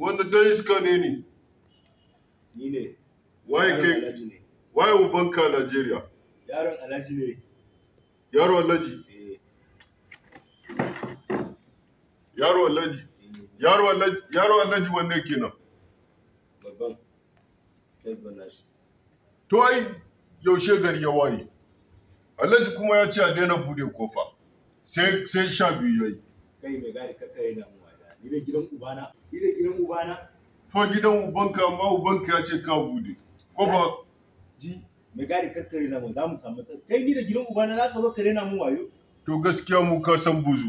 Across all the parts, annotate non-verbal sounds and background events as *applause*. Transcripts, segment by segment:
wanda don iska ne ne ni ne waye kai waye ubanka a Najeriya yaron alhaji ne yaro alhaji eh. yaro alhaji eh. yaro alhaji yaro alhaji wanne ke nan babban to ai yaushe gari ya waye alhaji kuma ya ce a daina bude kofa sai sai sha biyu yayi kai mai gari kakkai da mu ni da gidan ubana ni da gidan ubana to gidan ubanka amma ubanka ya ce ka bude ko ba ji me gadi kakkare na mu za mu samu sa kai ni da gidan ubana za ka zo kare na mu wayo to gaskiya mu ka san buzu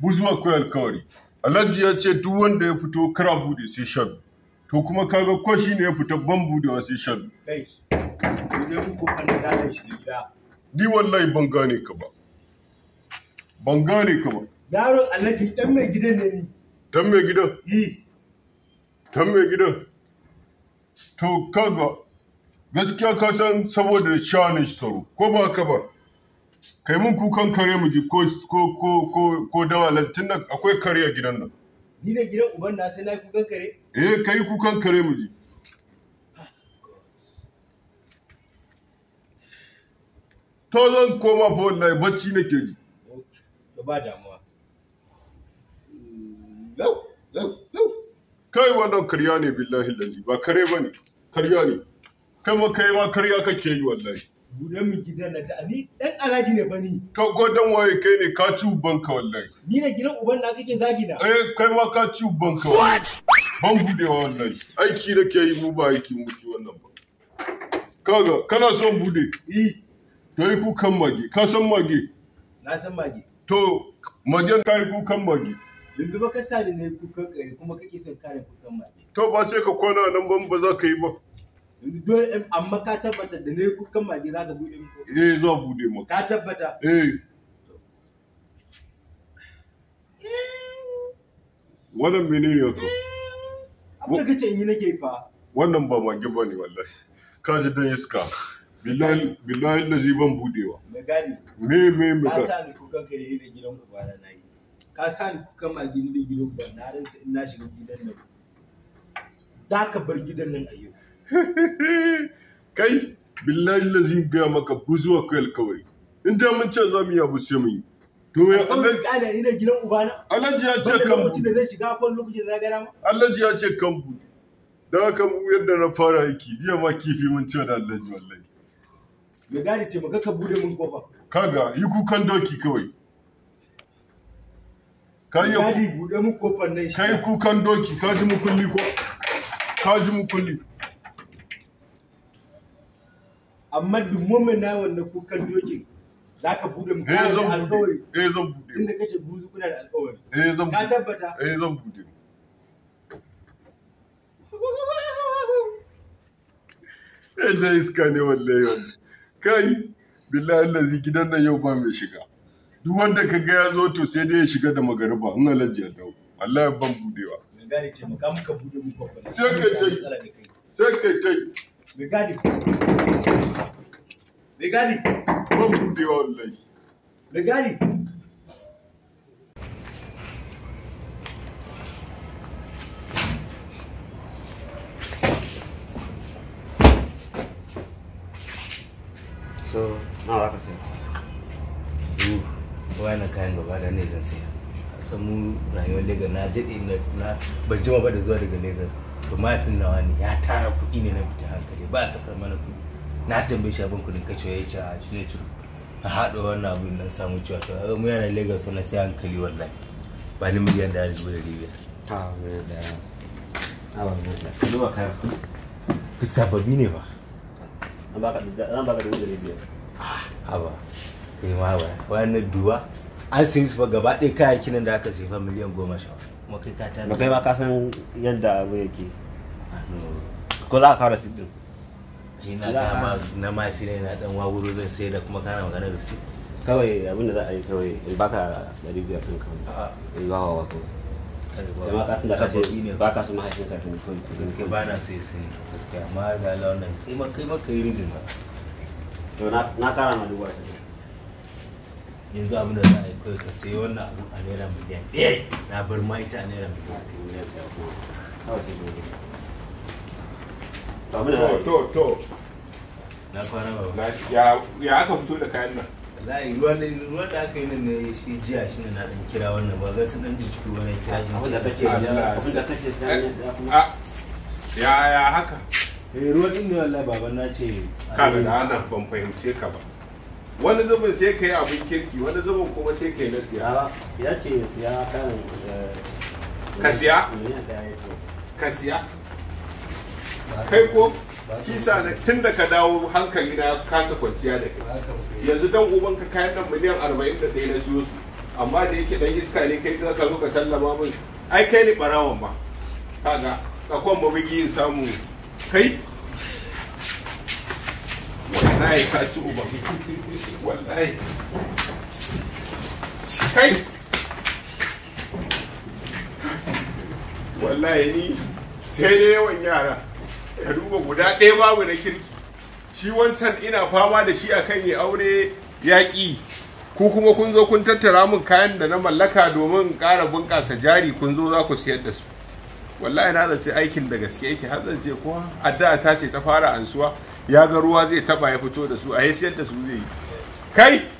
buzu akwai alkawari alhaji ya ce duk wanda ya fito kara bude sai shan to kuma kaga ko shi ne ya fita ban budewa sai shan kai ne mu ko kan da shi gida ni wallahi ban gane ka ba ban gane ka ba yaron alhaji dan mai gidan ne ni don mai gidan yi don mai gidan to kaga gaskiya ka san saboda shani tsaro ko ba ka ba kai mun kukan kare mu ji ko ko ko ko ko dawalar nan akwai kare a gidan nan ni da gidan uban na sai na kukan kare eh kai kukan kare mu ji to zan koma fa wallahi bacci nake ji to ba damuwa kai wannan karya ne billahi lalli ba kare ba ne karya ne kai ma kai ma karya kake yi wallahi buɗe min gidan nan da ni dan alhaji ne bani ka godan waye kai ne ka ci uban ka wallahi ni ne gidan uban na kake zagi na eh kai ma ka ci uban ka ban wa wallahi aiki da ke yi mu ba aiki mu ki wannan ba kaga kana son buɗe i eh. to yi kukan mage ka san mage na san mage to magen ka yi kukan mage yanzu ba ka sa ni na kukan kare kuma kake son kare kukan mage to ba sai ka kwana nan ban ba za ka yi ba yanzu dole amma ka tabbata da na kukan mage za ka bude muku eh za bude muku ka tabbata eh wannan menene ne abin da kace in yi nake fa wannan ba mage ba ne wallahi ka ji dan iska billahi billahi lazi ban budewa me gadi me me me ka sa ni kukan kare ne da gidan ubana nayi ka sa ni kuka magin da gidan ba na ran in na shiga gidan nan da ka bar gidan nan a yau *laughs* kai billahi lazim gaya maka buzuwa kai alkawari in da mun ce za mu yi abu sai mun yi to ya Allah kada ni uba gidan ubana Alhaji ya ce kan lokacin da zai shiga kan lokacin da na gara ma Alhaji ya ce kan bu da kan mu yadda na fara aiki jiya ma kifi mun ce da Alhaji wallahi me gari maka ka bude mun kofa kaga yi kukan doki kawai kai ya kukan doki ka ji kulli ko ka ji kulli amma duk na kukan doki za ka buɗe mu da eh, eh zan buɗe tunda kace buzu kuna da eh zan ka tabbata eh zan buɗe eh, iska ne wallahi Kai, billahi Allah gidan nan yau ba mai shiga. duk wanda ka ga ya zo to sai dai ya shiga da magariba in alaji ya dawo wallahi ban budewa me gadi ce mu ka muka bude mu kwakwalwa sai kai tai sai kai tai me gadi me gadi ban budewa wallahi me gadi So, now I can see. wani kayan gaba da ne zan a san rayuwar Legas na jade na ban jima ba da zuwa daga Legas to mahaifin nawa ne ya tara kuɗi ne na fita hankali ba a sakar mana kuɗi na tambaye shi abin kuɗin kacewa ya ce a shi ne ciro a haɗa wannan abin nan samu cewa to ga mu yana Legas wani sai hankali wallahi ba ni miliyan da zuwa da Legas ta da awa da duba kayan duk sababbi ne ba an ba ka an da ma wa wannan duba an sayi su gaba ɗaya kayayyakin da aka sayi fa miliyan goma sha kuma kai ka tana kai ma ka san yadda abu yake ah, ko za a kawo rasit din ina dama na mafi ne na dan wawuro zan sai da kuma kana magana da su kawai abinda za a yi kawai in baka ɗari biyar kan kan in ba wa ko sababi ne ba ka su mahaifin ka tun kawai gaske ba na sai sai gaske amma ga launin kai ma kai ma kai rizin ba to na kara na duba ta yanzu abin da za a yi kawai ka sayi wannan abu a naira miliyan ɗaya na bar ma ita a naira miliyan ɗaya ta goma to to na kwana ba ya aka fito da kayan nan wallahi ruwan da aka yi nan ne shi jiya shi ne na ɗan kira wannan ba ga sun dan jiki wani kira shi abin da kake abin da kake sani ah, ya ya haka eh ruwan din ne wallahi baban na ce kaga na ban fahimce ka ba wani zubin sai ka yi abin kirki wani zubin kuma sai ka yi na siya ya ce siya kan eh, ka siya eh, kai ko kisa na tun da ka dawo hankali na kasa kwanciya da kai yanzu dan uban ka kayan nan miliyan arba'in da ɗaya na siyo su amma da yake dan iska ne kai ka zo ka sallama min ai kai ni barawan ba kaga akwai mabugi yin samu kai wallahi ka ci uba wallahi kai wallahi ni sai dai yawan yara ka duba guda ɗaya babu na kirki shi wancan ina fama da shi akan ya aure yaƙi ku kuma kun zo kun tattara min kayan da na mallaka domin ƙara bunƙasa jari kun zo za ku siyar da su wallahi na zance aikin da gaske yake har zance ko addu'a ta ce ta fara ansuwa ya ga ruwa zai taba ya fito da su a yi siyar da su zai yi kai